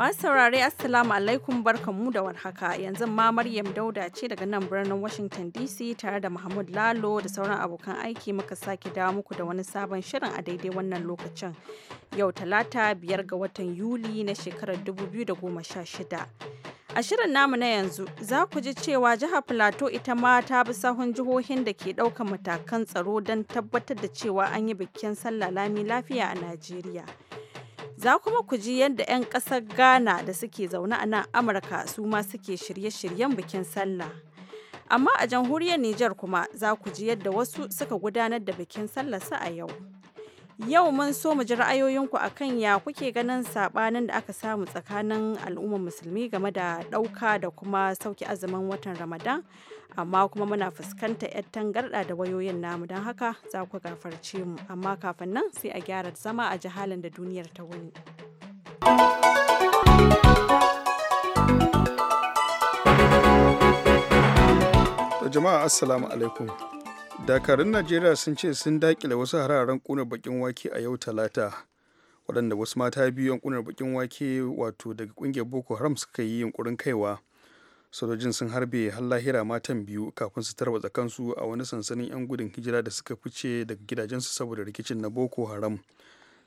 Masu saurare Assalamu alaikum barkanmu da warhaka yanzu ma Maryam Dauda ce daga nan birnin Washington DC tare da mahmud Lalo da sauran abokan aiki muka sake dawo muku da wani sabon shirin a daidai wannan lokacin. Yau talata biyar ga watan Yuli na shekarar 2016. A shirin namu na yanzu za ku ji cewa jihar Filato ita ma ta bi sahun jihohin da ke ɗaukar matakan tsaro don tabbatar da cewa an yi bikin sallah lami lafiya a Najeriya. Za kuma ku ji yadda 'yan ƙasar Ghana da suke zaune a nan Amurka su ma suke shirye-shiryen bikin sallah. Amma a jamhuriyar Nijar kuma za ku ji yadda wasu suka gudanar da bikin sallah su a yau. Yau mun so mu ji ra'ayoyinku a kan ya kuke ganin saɓanin da aka samu tsakanin al'ummar musulmi game da ɗauka da kuma sauki azumin watan Ramadan, amma kuma muna fuskanta 'yar tangarɗa da wayoyin namu don haka za ku gafarce mu, amma kafin nan sai a gyara zama a jihalin da duniyar ta wuni. Jama'a Assalamu alaikum. dakarun najeriya sun ce sun dakile wasu hararen kunar bakin wake a yau talata waɗanda wasu mata biyu kunar bakin wake wato daga kungiyar boko haram suka yi yunkurin kaiwa sojojin sun harbe har lahira matan biyu kafin su tarwatsa kansu a wani sansanin 'yan gudun hijira da suka fice daga gidajensu saboda rikicin na boko haram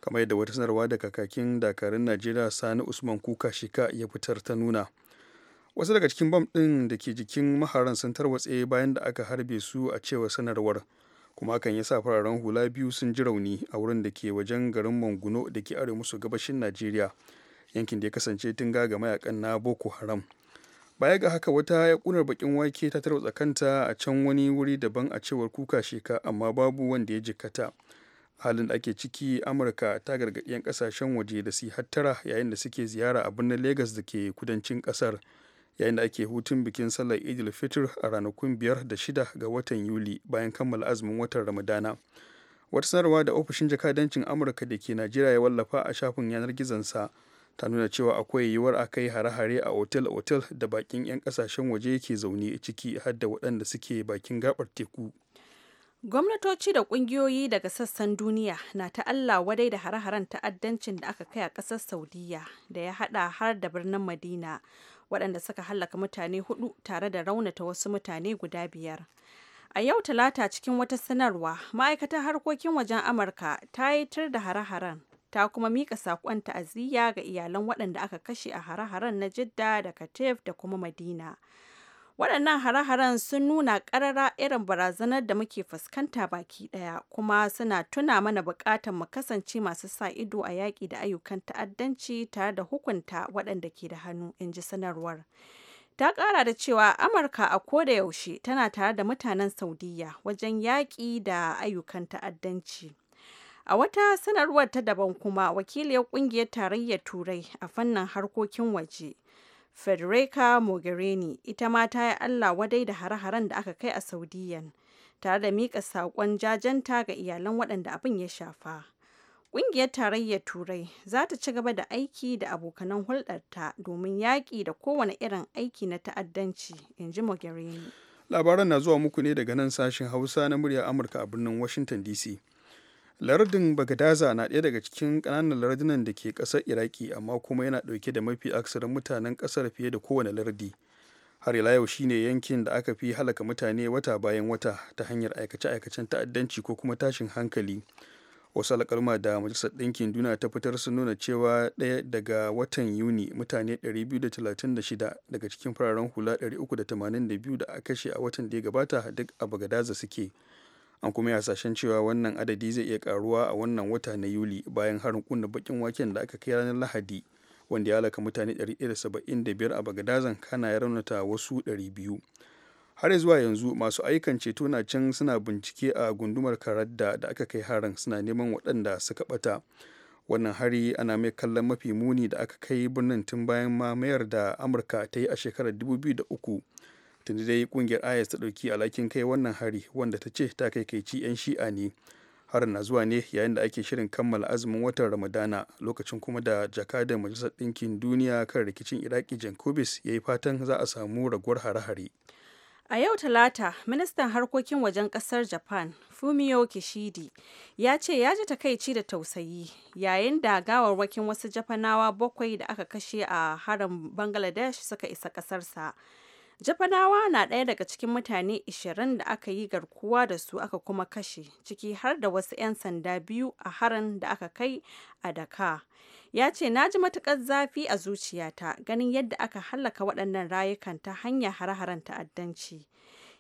kamar yadda wata sanarwa da kakakin dakarun najeriya sani usman kuka shika ya fitar ta nuna wasu daga cikin bam ɗin da ke jikin maharan sun tarwatse bayan da aka harbe su a cewar sanarwar kuma hakan ya sa fararen hula biyu sun ji rauni a wurin da ke wajen garin manguno da ke arewa musu gabashin najeriya yankin da ya kasance tun ga mayakan na boko haram baya ga haka wata ya kunar bakin wake ta tarwatsa kanta a can wani wuri daban a cewar kuka sheka amma babu wanda ya jikata halin da ake ciki amurka ta gargaɗi 'yan kasashen waje da su hattara yayin da suke ziyara a birnin legas da ke kudancin kasar yayin da ake hutun bikin sallar idil fitr a ranakun biyar da shida ga watan yuli bayan kammala azumin watan ramadana wata sanarwa da ofishin jakadancin amurka da ke najeriya ya wallafa a shafin yanar gizonsa ta nuna cewa akwai yiwuwar a kai hare-hare a otel-otel da bakin 'yan kasashen waje ke zaune ciki har da waɗanda suke bakin gabar teku gwamnatoci da ƙungiyoyi daga sassan duniya na ta allah wadai da hare-haren ta'addancin da aka kai a ƙasar saudiya da ya haɗa har da birnin madina waɗanda suka hallaka mutane hudu tare da raunata wasu mutane guda biyar. A yau Talata cikin wata sanarwa, ma'aikatar harkokin wajen Amurka ta yi tir da hare-haren, ta kuma mika saƙon ta'aziyya ga iyalan waɗanda aka kashe a hare-haren na Jidda da Katif da kuma Madina. waɗannan hare-haren sun nuna ƙarara irin barazanar da muke fuskanta baki ɗaya kuma suna tuna mana buƙatar mu kasance masu sa ido a yaƙi da ayyukan ta'addanci tare da hukunta waɗanda ke da hannu in ji sanarwar ta ƙara da cewa amurka a koda yaushe tana tare da mutanen Saudiyya wajen yaƙi da ayyukan ta'addanci A wata sanarwar ta daban kuma wakiliyar ƙungiyar tarayyar Turai a fannin harkokin waje, Federica Mogherini ita ma ta yi Allah wadai da hare-haren da aka kai a Saudiyan, tare da miƙa saƙon jajanta ga iyalan waɗanda abin ya shafa. Ƙungiyar Tarayyar Turai za ta ci gaba da aiki da abokanan hulɗarta domin yaƙi da kowane irin aiki na ta'addanci, in ji Mogherini. Labaran na zuwa muku ne daga nan sashen Hausa na muryar Amurka a birnin Washington DC. lardin bagadaza na ɗaya daga cikin ƙananan lardunan da ke ƙasar iraki amma kuma yana ɗauke da mafi aksarin mutanen ƙasar fiye da kowane lardi har ila yau shine yankin da aka fi halaka mutane wata bayan wata ta hanyar aikace-aikacen ta'addanci ko kuma tashin hankali wasu alƙalma da majalisar ɗinkin duniya ta fitar sun nuna cewa ɗaya daga watan yuni mutane 236 daga cikin fararen hula 382 da aka kashe a watan da ya gabata duk a bagadaza suke an kuma yi hasashen cewa wannan adadi zai iya karuwa a wannan wata na yuli bayan harin kunna bakin waken da aka kai ranar lahadi wanda ya halaka mutane 175 a bagadazan kana ya raunata wasu 200 har zuwa yanzu masu aikan ceto na can suna bincike a gundumar karadda da aka kai harin suna neman waɗanda suka ɓata wannan hari ana mai kallon mafi muni da aka kai birnin tun bayan mamayar da amurka ta yi a shekarar 2003 tunda dai kungiyar is ta ɗauki alhakin kai wannan hari wanda ta ce ta kai kaici 'yan shi'a ne harin na zuwa ne yayin da ake shirin kammala azumin watan ramadana lokacin kuma da jakadan majalisar ɗinkin duniya kan rikicin iraki jankobis ya yi fatan za a samu raguwar hare-hare A yau Talata, ministan harkokin wajen kasar Japan, Fumio Kishidi, ya ce ya ji takaici da tausayi yayin da gawarwakin wasu Japanawa bakwai da aka kashe a harin Bangladesh suka isa kasarsa. Japanawa na ɗaya daga cikin mutane 20 da aka yi garkuwa da su aka kuma kashe, ciki har da wasu 'yan sanda biyu a harin da aka kai a Dhaka. Ya ce, "Na ji matuƙar zafi a zuciyata ganin yadda aka hallaka waɗannan rayukan ta hanyar hare-haren ta'addanci."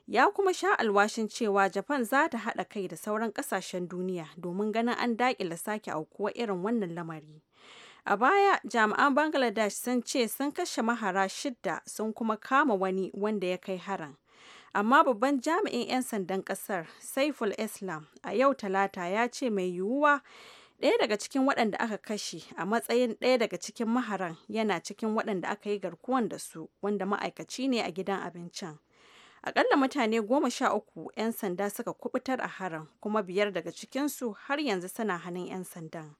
Ya kuma sha alwashin cewa Japan za ta haɗa kai da sauran ƙasashen duniya domin ganin an daƙile sake aukuwa irin wannan lamari. A baya, jami'an Bangladesh sun ce sun kashe mahara shidda sun kuma kama wani wanda ya kai haran Amma babban jami'in 'yan sandan kasar, Saiful Islam, a yau talata ya ce mai yiwuwa ɗaya daga cikin waɗanda aka kashe a matsayin ɗaya daga cikin maharan yana cikin waɗanda aka yi garkuwan da su wanda ma'aikaci ne a gidan abincin. Akalla mutane goma sha uku 'yan sanda suka kubutar a haran kuma biyar daga cikinsu har yanzu suna hannun 'yan sandan.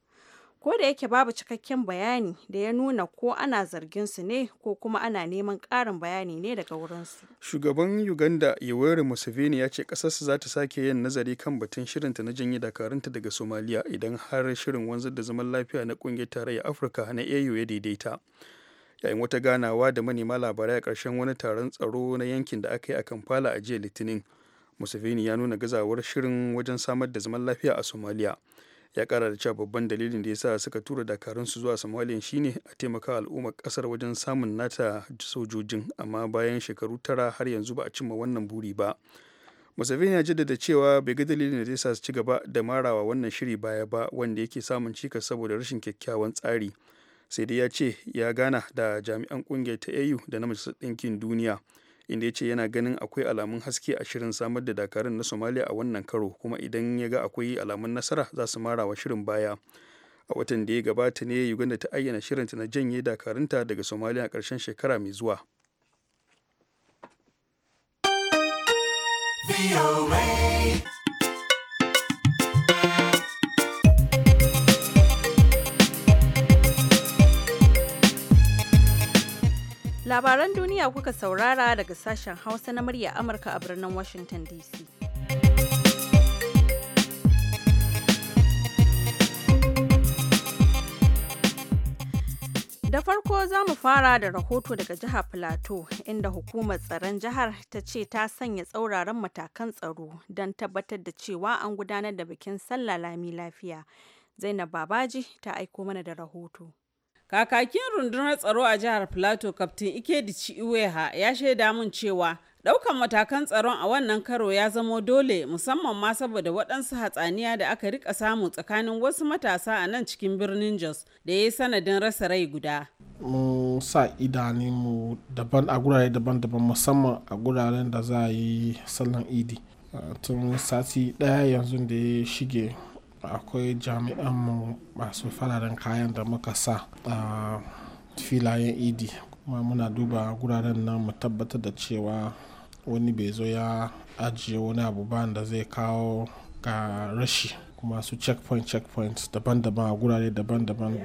ko da yake babu cikakken bayani da ya nuna ko ana zargin su ne ko kuma ana neman karin bayani ne daga wurinsu. Shugaban Uganda Yoweri Museveni ya ce ƙasarsa za ta sake yin nazari kan batun shirinta na janye dakarunta daga Somalia idan har shirin wanzar da zaman lafiya na ƙungiyar tarayyar Afirka na AU ya daidaita. Yayin wata ganawa da manema labarai a karshen wani taron tsaro na yankin da aka yi a Kampala a jiya Litinin, Museveni ya nuna gazawar shirin wajen samar da zaman lafiya a Somalia. ya kara da cewa babban dalilin da ya sa suka tura dakarunsu zuwa somalia shine a taimaka al'ummar kasar wajen samun nata sojojin amma bayan shekaru tara har yanzu ba a cimma wannan buri ba museveni ya jaddada cewa bai ga dalilin da zai sa su ci gaba da marawa wannan shiri baya ba wanda yake samun cikas saboda rashin kyakkyawan tsari sai dai ya ce ya gana da jami'an kungiyar ta au da na majalisar ɗinkin duniya inda ya ce yana ganin akwai alamun haske a shirin samar da dakarun na somalia a wannan karo kuma idan ya ga akwai alamun nasara za su mara wa shirin baya a watan da ya gabata ne uganda ta ayyana shirinta na janye dakarunta daga somalia a ƙarshen shekara mai zuwa Labaran duniya kuka saurara daga sashen Hausa na murya Amurka a birnin Washington DC. Da farko za mu fara da rahoto daga jihar plateau inda hukumar tsaron jihar ta ce ta sanya tsauraran matakan tsaro don tabbatar da cewa an gudanar da bikin sallah lami lafiya. Zainab Babaji ta aiko mana da rahoto. Kakakin rundunar tsaro a jihar Plateau, Kaftin Ikedici Iweha ya shaida mun cewa Daukan matakan tsaron a wannan karo ya zamo dole musamman ma saboda waɗansu hatsaniya da aka rika samu tsakanin wasu matasa a nan cikin birnin Jos da ya yi sanadin rasa rai guda. Mun sa idanunmu daban a gurare daban-daban musamman a guraren da za a yi sallan idi. Tun sati ɗaya yanzu da ya shige akwai jami'anmu masu fararen kayan da muka sa a filayen idi kuma muna duba guraren nan mu tabbatar da cewa wani bai zo ya ajiye wani abu ba da zai kawo ga rashi kuma su checkpoint checkpoint daban-daban a gurare daban-daban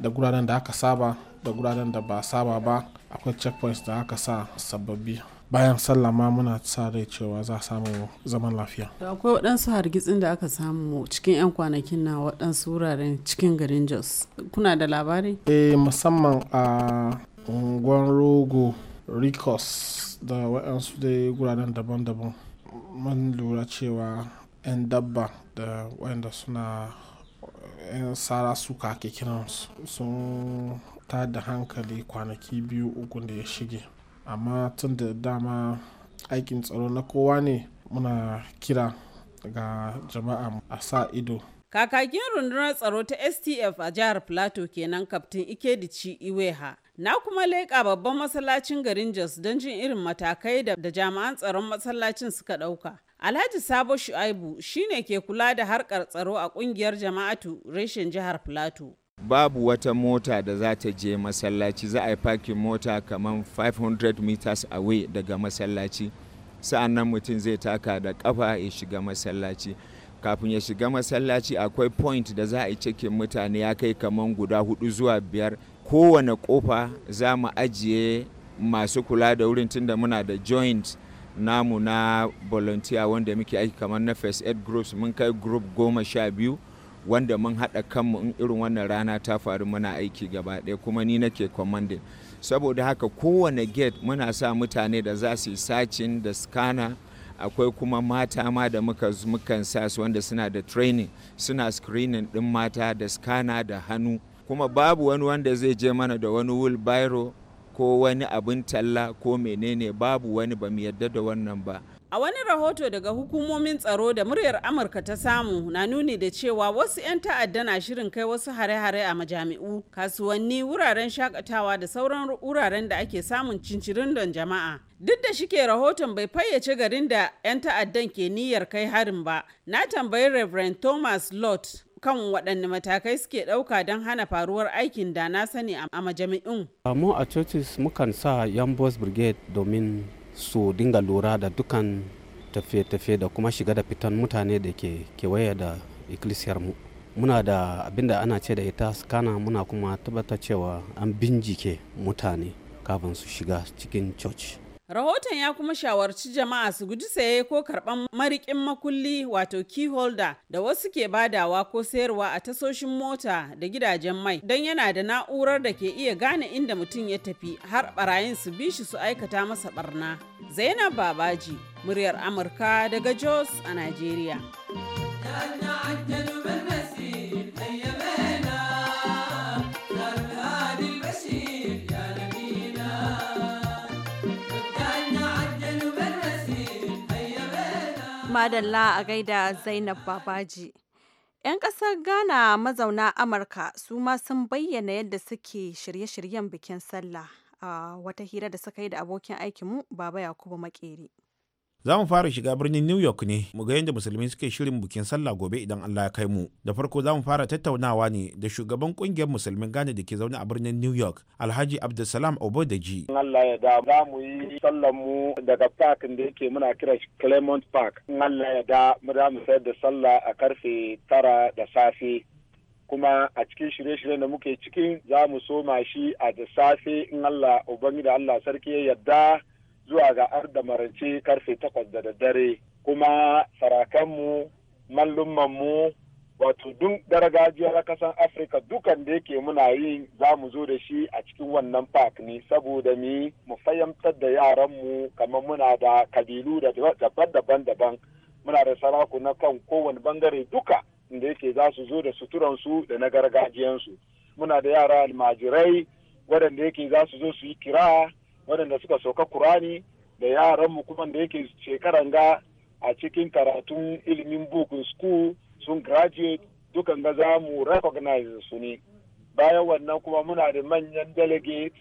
da guraren da aka saba da guraren da ba saba ba akwai checkpoints da aka sa sababbi bayan sallah ma muna sa rai cewa za a samu zaman lafiya akwai waɗansu hargitsin da aka samu cikin 'yan kwanakin na waɗansu wuraren cikin garin jos kuna da labari eh musamman a unguwar rogo ricos da waɗansu dai guraren daban-daban mun lura cewa 'yan dabba da waɗanda suna 'yan sara suka ke sun ta da hankali kwanaki biyu ukun da ya shige amma tun da dama aikin tsaro na kowa ne muna kira ga jama'a a sa ido kakakin rundunar tsaro ta stf a jihar plateau kenan kaftin ikedici iweha na kuma leƙa babban masallacin garin jos don jin irin matakai da jami'an tsaron masallacin suka ɗauka alhaji sabo shu'aibu shine ke kula da harkar tsaro a ƙungiyar jama'atu reshen jihar plateau babu wata mota da za ta je masallaci za a yi parking mota kamar 500 meters away daga masallaci sa'annan mutum zai taka da kafa ya shiga masallaci kafin ya shiga masallaci akwai point da za a yi cikin mutane ya kai kamar guda hudu zuwa biyar kowane kofa za mu ajiye masu kula da wurin tunda muna da joint namu na volunteer wanda muke aiki kamar na first aid groups mun kai group goma sha biyu wanda mun haɗa kanmu in irin wannan rana ta faru muna aiki gaba ɗaya kuma ni nake commanding saboda haka kowane gate muna sa mutane da za su yi sacin da scanner akwai kuma mata ma da muka mukan sa su wanda suna da training suna screening ɗin mata da scanner da hannu kuma babu wani wanda zai je mana da wani wheelbarrow ko wani abin talla ko menene babu wani ba mu yadda da wannan ba A wani rahoto daga hukumomin tsaro da muryar Amurka ta samu na nuni da cewa wasu 'yan ta'adda na shirin kai wasu hare-hare a majami'u, kasuwanni, wuraren shakatawa da sauran wuraren da ake samun cincirin don jama'a. Duk da shike rahoton bai fayyace garin da 'yan ta'addan ke niyyar kai harin ba, na tambayi Reverend Thomas Lott kan waɗanne matakai suke ɗauka don hana faruwar aikin da na sani a majami'un. Mu a churches mukan sa yan boss Brigade domin su dinga lura da dukan tafiye-tafiye da kuma shiga da fitan mutane da ke kewaye da ikkilisiyar mu muna da abinda ana ce da ita skana muna kuma tabbata cewa an bincike mutane kafin su shiga cikin church Rahoton ya kuma shawarci jama'a su guji saye ko karban marikin makulli wato key holder da wasu ke badawa ko sayarwa a tasoshin mota da gidajen mai don yana da na'urar da ke iya gane inda mutum ya tafi har barayin su bi shi su aikata masa barna. Zainab Babaji, muryar Amurka daga Jos a Najeriya. Madalla a gaida Zainab Babaji. 'Yan kasar Ghana mazauna Amurka su ma sun bayyana yadda suke shirye-shiryen bikin sallah a wata hira da suka yi da abokin aikinmu Baba Yakubu Makeri. Za mu fara shiga birnin New York ne mu ga yadda musulmi suke shirin bikin sallah gobe idan Allah ya kai mu. Da farko za mu fara tattaunawa ne da shugaban kungiyar musulmin Ghana da ke zaune a birnin New York, Alhaji Abdulsalam Obodaji. Allah ya da za mu yi sallar mu daga park da yake muna kira Clement Park. in Allah ya da mu za mu sayar da sallah a karfe tara da safe. kuma a cikin shirye-shiryen da muke cikin za mu soma shi a da safe in Allah ubangida Allah Sarki ya yarda zuwa ga arda marance karfe takwas da daddare kuma sarakanmu mallumanmu wato duk na kasan afirka dukan da yake muna yi za mu zo da shi a cikin wannan park ne saboda mi mu fahimtar da yaranmu kamar muna da kabilu da daban-daban daban muna da saraku na kan kowane bangare duka da yake za su zo da suturansu da na gargajiyansu muna da yara almajirai waɗanda yake za su zo su yi kira waɗanda suka sauka Kur'ani da yaranmu kuma da yake shekaran ga a cikin karatun ilimin bukun school sun graduate dukan ga za mu recognize su ne bayan wannan kuma muna da manyan delegates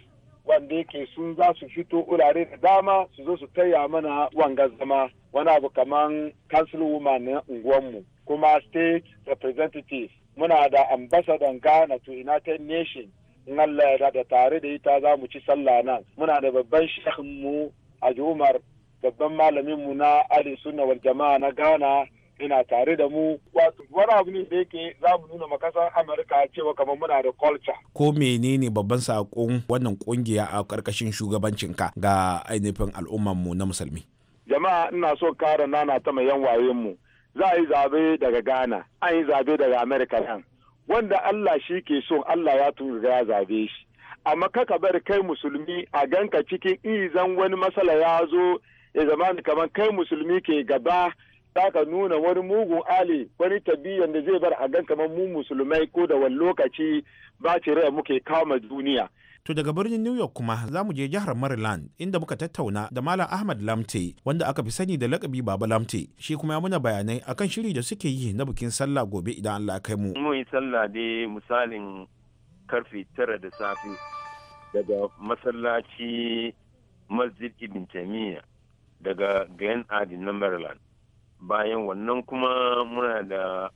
wanda yake sun za su fito wurare da dama su zo su taya mana wanga zama wani abu kaman council woman na unguwanmu kuma state representative muna da ambassador ghana to united nations in Allah ya da tare da ita za mu ci sallah nan muna da babban shekhin mu a Umar babban malamin mu na Ali Sunna wal Jama'a na Ghana ina tare da mu wato wani abu ne da yake za mu nuna makasar Amurka cewa kamar muna da culture ko menene babban sakon wannan kungiya a karkashin shugabancinka ga ainihin al'umman mu na musulmi jama'a ina so kara nana ta mai yan wayen mu za a yi zabe daga Ghana an yi zabe daga America nan wanda Allah shi ke so Allah ya tura ya zabe shi amma kaka bar kai musulmi a ganka cikin izan wani masala ya zo ya zama kamar kai musulmi ke gaba ka nuna wani mugun ali wani tabiyan da zai bar a gan kamar mu musulmai ko da wani lokaci ba ci rai muke kama duniya To daga birnin New York kuma za mu je jihar Maryland inda muka tattauna da Malam Ahmad Lamte wanda aka fi sani da lakabi Baba Lamte. Shi kuma ya muna bayanai akan shiri da suke yi na bukin sallah gobe idan Allah kai mu. Mun yi sallah dai misalin karfe tara da safe daga masallaci Masjid Ibn Taymiyyah daga Grand Adin na Maryland. Bayan wannan kuma muna da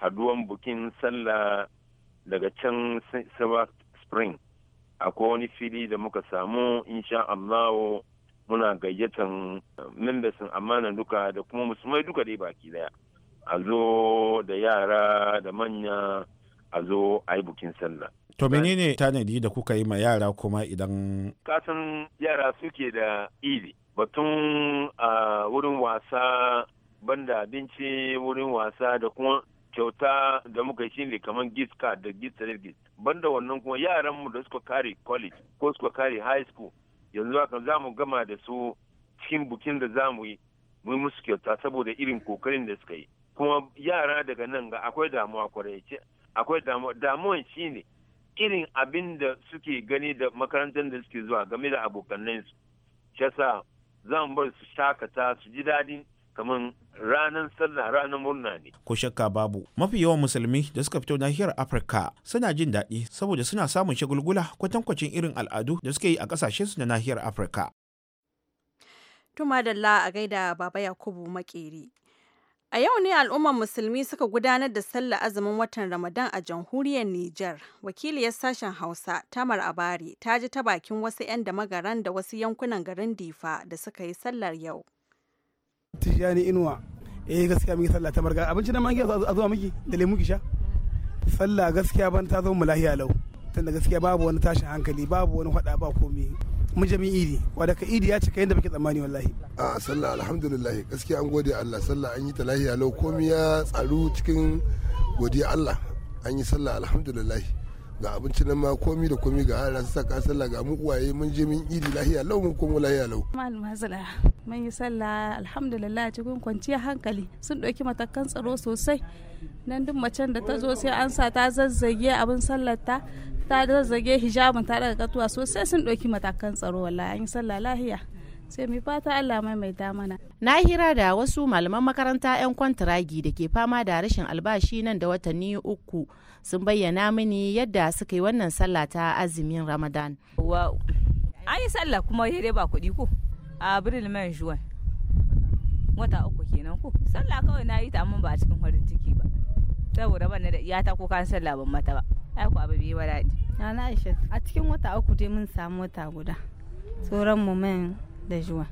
haduwan bukin sallah daga can Sabbath Spring. akwai wani fili da muka samu insha Allah muna gayyatan uh, membersin amana duka da kuma musulmai duka dai baki daya a zo da yara da manya a zo a bukin sallah to menene tanadi da kuka yi ma yara kuma idan kasan yara suke da ili batun a uh, wurin wasa banda abinci wurin wasa da kuma kyauta da muka yi shine kamar giska da gist certificate banda wannan kuma yaran mu da suka kare college ko suka kare high school yanzu haka za mu gama da su cikin bukin da za mu yi mu musu kyauta saboda irin kokarin da suka yi kuma yara daga nan ga akwai damuwa kwarai ce akwai damuwa damuwan shine irin abin da suke gani da makarantar da suke zuwa game da abokanansu shi yasa zan bar su shakata su ji dadin kamar ranar sallah ranar murna ne. Ko shakka babu. Mafi yawan musulmi da suka fito nahiyar Afirka suna jin daɗi saboda suna samun shagulgula kwatankwacin irin al'adu da suke yi a ƙasashen su na nahiyar Afirka. Tumadalla a gaida Baba Yakubu Makeri. A yau ne al'ummar musulmi suka gudanar da sallah azumin watan Ramadan a jamhuriyar Nijar. Wakiliyar sashen Hausa, Tamar Abari, ta ji ta bakin wasu 'yan da magaran da wasu yankunan garin Difa da suka yi sallar yau. tijani inuwa eh gaskiya muke sallah ta marga abinci na mangi a zuwa miki da lemu ki sha sallah gaskiya ban ta zama lahiya lau tunda gaskiya babu wani tashin hankali babu wani hada ba komai mu jami idi wadda ka idi ya cika yadda muke tsammani wallahi a sallah alhamdulillah gaskiya an gode Allah sallah an yi ta lahiya lau komai ya tsaru cikin godiya Allah an yi sallah alhamdulillah ga abinci nan ma komi da komi ga halar su saka sallah ga mu uwaye mun je min idi lahiya lau mun komo lahiya lau malama zala mun yi sallah alhamdulillah cikin kwanciyar hankali sun ɗauki matakan tsaro sosai nan duk macen da ta zo sai an sa ta zazzage abin sallar ta ta zazzage hijabin ta daga katuwa sosai sun ɗauki matakan tsaro wallahi an yi sallah lahiya sai mu fata Allah mai mai damana. Na hira da wasu malaman makaranta 'yan kwantiragi da ke fama da rashin albashi nan da watanni uku sun bayyana mini yadda suka yi wannan sallah ta azumin Ramadan. An yi sallah kuma dai ba kuɗi ko? A Abril man juan Wata uku kenan ko? Sallah kawai na yi ta amma ba a cikin farin ciki ba. Saboda ban da ta ko kan sallah ban mata ba. Ai ku abu biyu bai wadaɗi. Na na a cikin wata uku dai mun samu wata guda. Sauran mu man da juan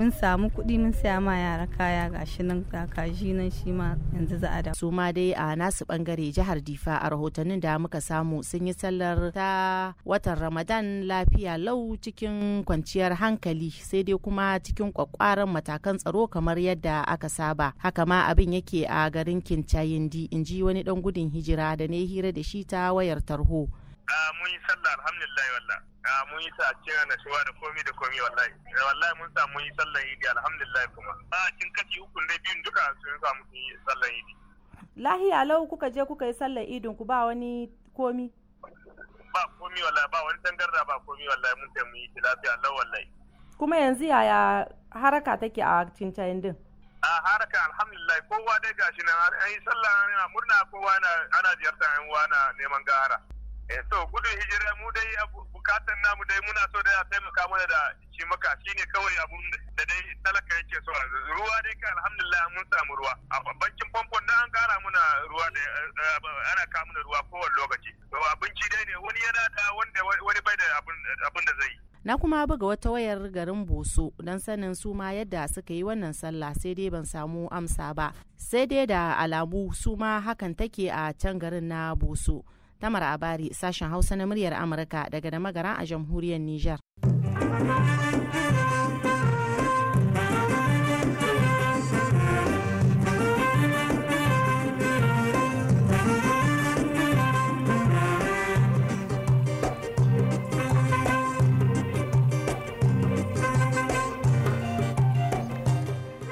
mun samu kuɗi mun saya ma yara kaya gashi nan kaji nan shi ma yanzu za a da su ma dai a nasu bangare jihar difa a rahotannin da muka samu sun yi sallar ta watan ramadan lafiya lau cikin kwanciyar hankali sai dai kuma cikin kwakwaran matakan tsaro kamar yadda aka saba haka ma abin yake a garin kincayindi in ji wani dan gudun hijira da ne hira da shi ta wayar tarho Ah, mun yi sallah alhamdulillah wallahi ah, mun yi ta cikin annashuwa da komi da komi wallahi eh, wallahi mun samu yi sallar idi alhamdulillah kuma a ah, cikin kashi uku da biyun duka sun samu yi sallan idi lahiya lau kuka je kuka yi sallar idin ku ba wani komi ba komi wallahi ba wani tangarda ba komi wallahi mun sai mun yi shi lafiya lau wallahi kuma yanzu yaya haraka take a cincayin din a haraka alhamdulillah kowa dai gashi na an yi sallah murna kowa ana ziyartar yan uwa na neman gahara Eh, to gudun hijira mu dai bukatan namu dai muna so da taimaka mana da shi maka shi ne kawai abun da dai talaka yake so ruwa dai ka alhamdulillah mun samu ruwa a bankin famfon na an kara muna ruwa da eh, ana kawo muna ruwa kowane lokaci to abinci dai ne wani yana da wanda wani bai da abun da zai yi na kuma buga wata wayar garin boso don sanin su ma yadda suka yi wannan sallah sai dai ban samu amsa ba sai dai da alamu su ma hakan take a can garin na boso Tamar Abari sashen Hausa na muryar Amurka daga da magara a jamhuriyar Nijar.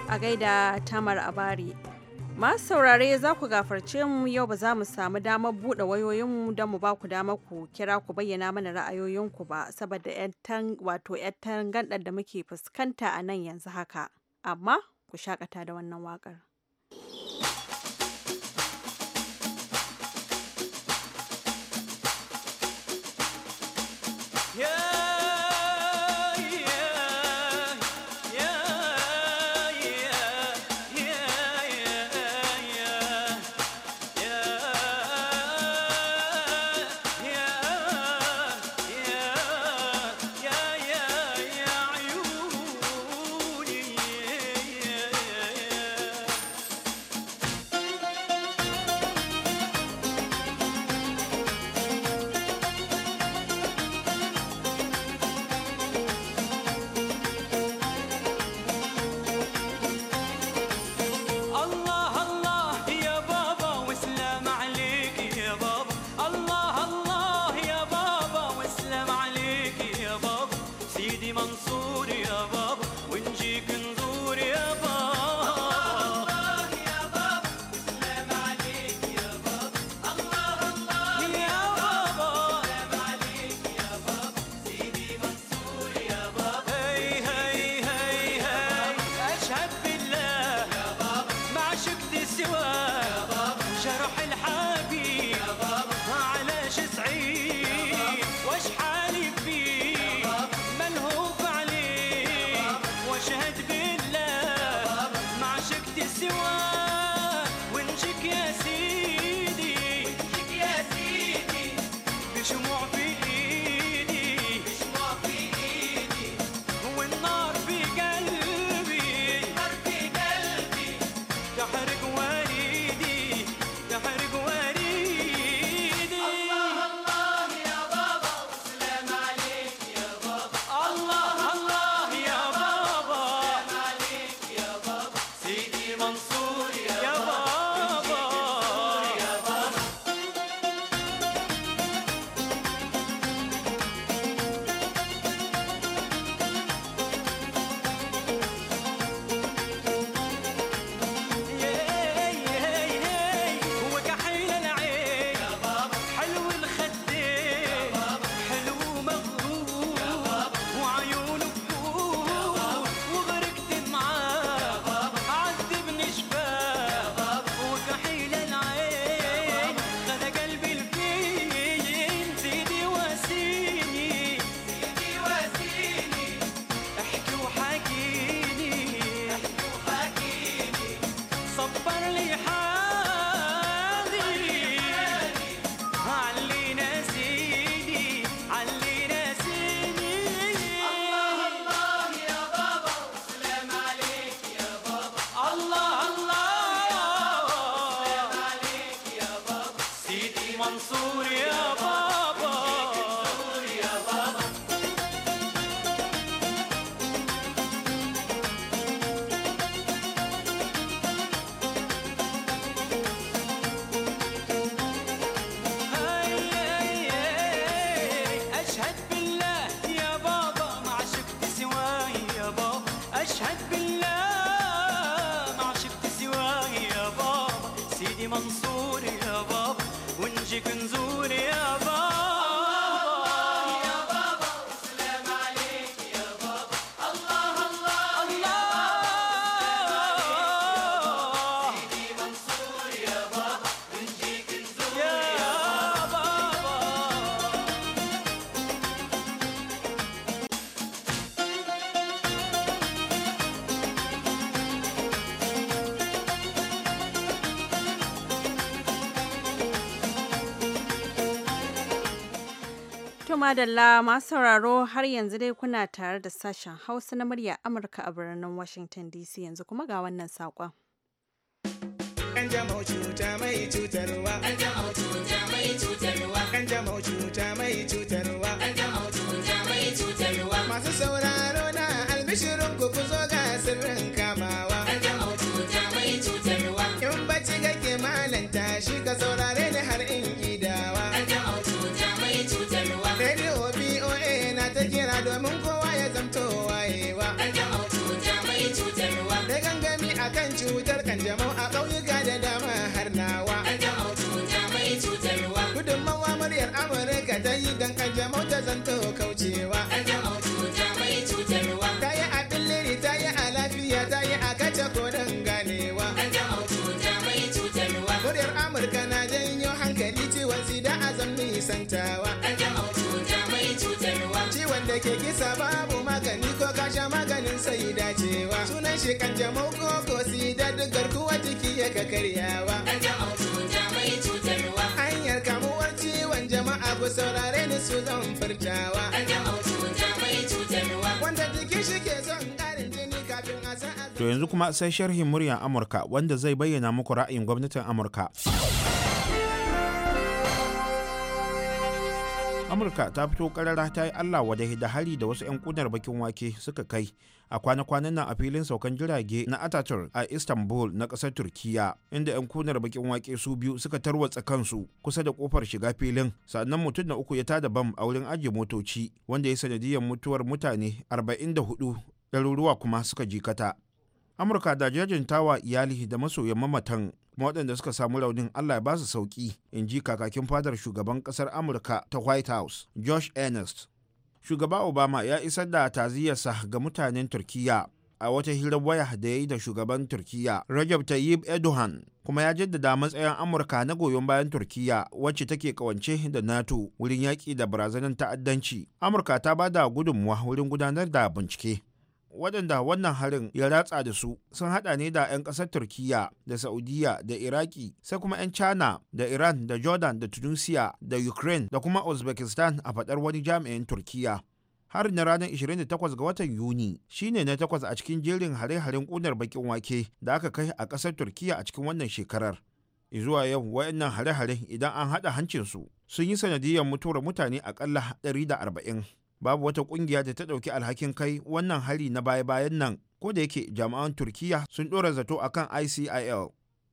A gaida Tamar Abari. Masu saurare za ku gafarce mu yau ba za mu samu damar buɗe wayoyinmu don mu ba ku damar ku kira ku bayyana mana ra'ayoyinku ba saboda wato 'yan gandar da muke fuskanta a nan yanzu haka. Amma ku shakata da wannan wakar. da la masu sauraro har yanzu dai kuna tare da sashen Hausa na murya Amurka a birnin Washington DC yanzu kuma ga wannan saƙon. Kanjamau Masu sauraro na albishirin ku ku zo ga sirrin kan cutar kanjamau a ƙauyuka da dama har nawa. Kanjamau cuta mai cutarwa. Gudunmawa muryar Amurka ta yi don kanjamau ta zanto kaucewa. Kanjamau cuta mai cutarwa. Ta a billiri ta yi a lafiya tayi a kace koren ganewa. Kanjamau cuta mai cutarwa. Muryar Amurka na janyo hankali ciwon sida a zan da ke kisa babu magani ko kasha maganin sai dacewa sunan shi kan jamau ko ko sida duk garkuwa jiki ya ka karyawa hanyar kamuwar ciwon jama'a ku saurare ni su zan furtawa wanda jiki shi ke son jini kafin a san To yanzu kuma sai sharhin muryar Amurka wanda zai bayyana muku ra'ayin gwamnatin Amurka. amurka ta fito karara ta yi allah wadai da hari da wasu 'yan kunar bakin wake suka kai a kwana-kwanan nan a filin saukan jirage na ataturk a istanbul na ƙasar turkiyya inda 'yan kunar bakin wake su biyu suka tarwatsa kansu kusa da kofar shiga filin sannan mutum na uku ya tada bam a wurin ajiye motoci wanda ya sanadiyar mutuwar mutane 44 ɗaruruwa kuma suka jikata amurka da jajintawa iyali da masoyan mamatan waɗanda suka samu raunin allah ya ba su sauki in ji kakakin fadar shugaban ƙasar amurka ta white house josh ernest shugaba obama ya isar da taziyarsa ga mutanen Turkiyya a wata hirar waya da ya yi da shugaban Turkiyya, rajab tayyip erdogan kuma ya jaddada matsayin amurka na goyon bayan Turkiyya wacce take kawance da nato wurin yaƙi da barazanar ta'addanci amurka ta ba da gudunmuwa wurin gudanar da bincike waɗanda wannan harin ya ratsa da su sun haɗa ne da 'yan ƙasar turkiya da saudiya da iraki sai kuma 'yan china da iran da jordan da tunisia da ukraine da kuma uzbekistan a faɗar wani jami'in turkiya harin na ranar 28 ga watan yuni shine na takwas a cikin jerin hare-haren ƙunar bakin wake da aka kai a ƙasar turkiya a cikin wannan shekarar zuwa yau wayannan hare-hare idan an haɗa hancinsu sun yi sanadiyar mutuwar mutane akalla 140 babu wata kungiya da ta dauki alhakin kai wannan hari na baya-bayan nan ko da yake jami'an turkiya sun ɗora zato akan icil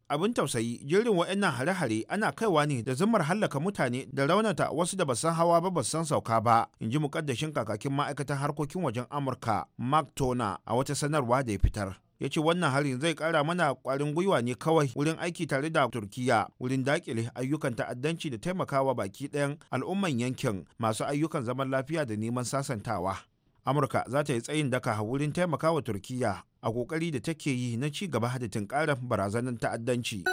abin tausayi jirgin wa'annan hare-hare ana kaiwa ne da zumar hallaka mutane da raunata wasu da basan hawa ba basan sauka ba in ji mukaddashin kakakin ma'aikatan harkokin wajen amurka mark tona a wata sanarwa da ya fitar ya ce wannan harin zai kara mana kwarin gwiwa ne kawai wurin aiki tare da turkiya wurin dakile ayyukan ta'addanci da taimakawa baki ɗayan al'umman yankin masu ayyukan zaman lafiya da neman sasantawa amurka za ta yi tsayin daka wurin taimakawa turkiya a kokari da take yi na ci gaba da tunkarar barazanar ta'addanci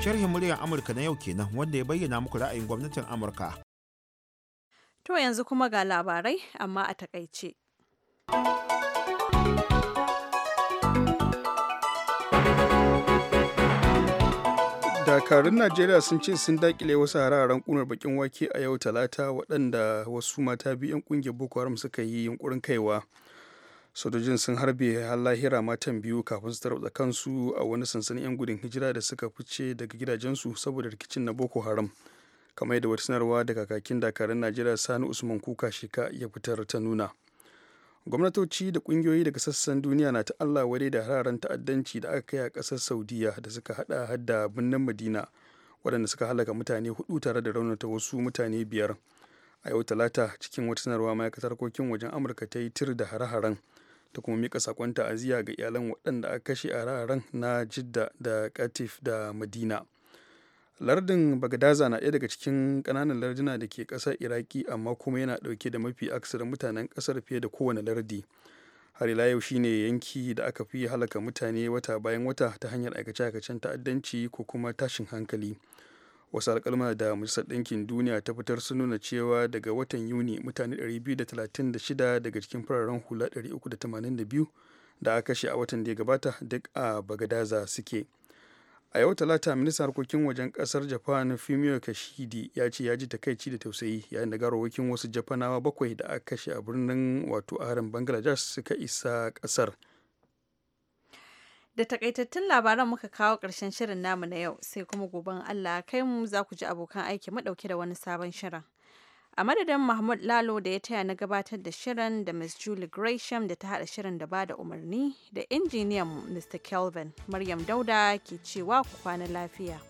sharhin muryar amurka na yau kenan wanda ya bayyana muku ra'ayin gwamnatin amurka to yanzu kuma ga labarai amma a takaice dakarun najeriya sun ce sun dakile wasu hararen kunar bakin wake a yau talata waɗanda wasu mata biyu 'yan kungiyar boko haram suka yi yunkurin kaiwa sojojin sun harbe lahira matan biyu kafin su tarwatsa kansu a wani sansanin 'yan gudun hijira da suka fice daga gidajensu saboda rikicin na boko haram kamar yadda wata sanarwa da kakakin dakarun najeriya sani usman kuka shika ya fitar ta nuna gwamnatoci da kungiyoyi daga sassan duniya na ta allah da hararen ta'addanci da aka kai a kasar saudiya da suka hada hadda birnin madina waɗanda suka halaka mutane hudu tare da raunata wasu mutane biyar a yau talata cikin wata sanarwa ma'aikatar harkokin wajen amurka ta yi tir da hare-haren ta kuma mika sakon ta'aziyya ga iyalan waɗanda aka kashe a hare na jidda da katif da madina lardin bagadaza na ɗaya daga cikin ƙananan lardina da ke ƙasar iraki amma kuma yana ɗauke da mafi aksar mutanen ƙasar fiye da kowane lardi har ila yau shine yanki da aka fi halaka mutane wata bayan wata ta hanyar aikace-aikacen ta'addanci ko kuma tashin hankali wasu alkalma da majalisar ɗinkin duniya ta fitar su nuna cewa daga watan yuni mutane 236 daga cikin fararen hula 382 da aka kashe a watan da ya gabata duk a bagadaza suke a yau talata ministan harkokin wajen kasar japan fumio kashidi ya ce ya ji takaici da tausayi yayin da garowakin wasu japanawa bakwai da aka kashe a birnin wato harin bangladesh suka isa kasar da takaitattun labaran muka kawo karshen shirin namu na yau sai kuma goben allah kai mu za ku ji abokan aiki madauke da wani sabon shirin a madadin mahmud lalo da ya taya na gabatar da shirin da miss julie gresham da ta hada shirin da ba da umarni da injiniyan mr kelvin maryam dauda ke cewa ku kwana lafiya